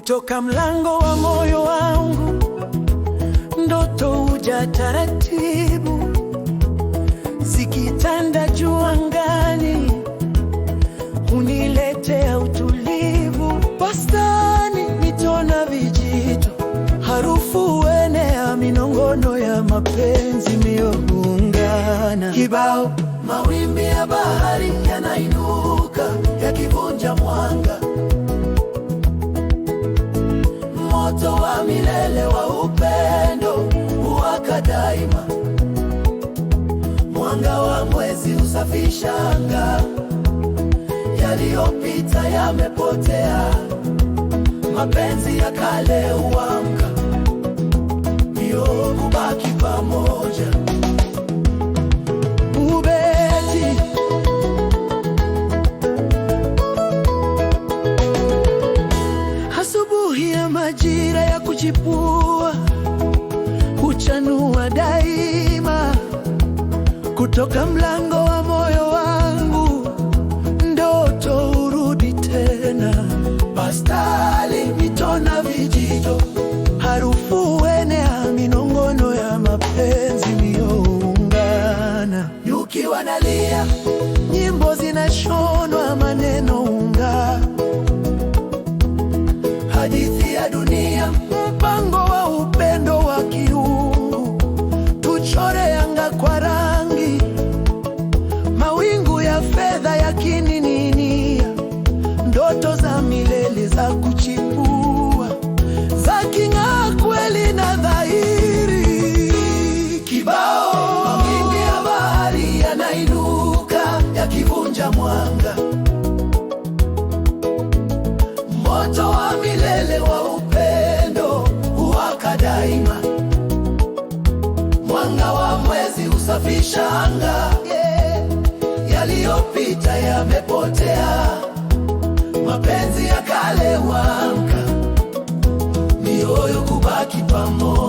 kutoka mlango wa moyo wangu, ndoto uja taratibu, zikitanda juu angani, huniletea utulivu. Bustani na vijito, harufu wenea, minongono ya mapenzi miyoungana, kibao mawimbi ya bahari yanainuka yakivunja mwanga vishanga, yaliyopita yamepotea, mapenzi ya kale uamka, ndio kubaki pamoja. ya majira ya kuchipua huchanua daima kutoka mlango wakiwa nalia, nyimbo zinashonwa maneno unga, hadithi ya dunia moto wa milele wa upendo huwaka daima, mwanga wa mwezi usafisha anga, yeah. Yaliyopita yamepotea, mapenzi ya kale huamka, mioyo kubaki pamoja.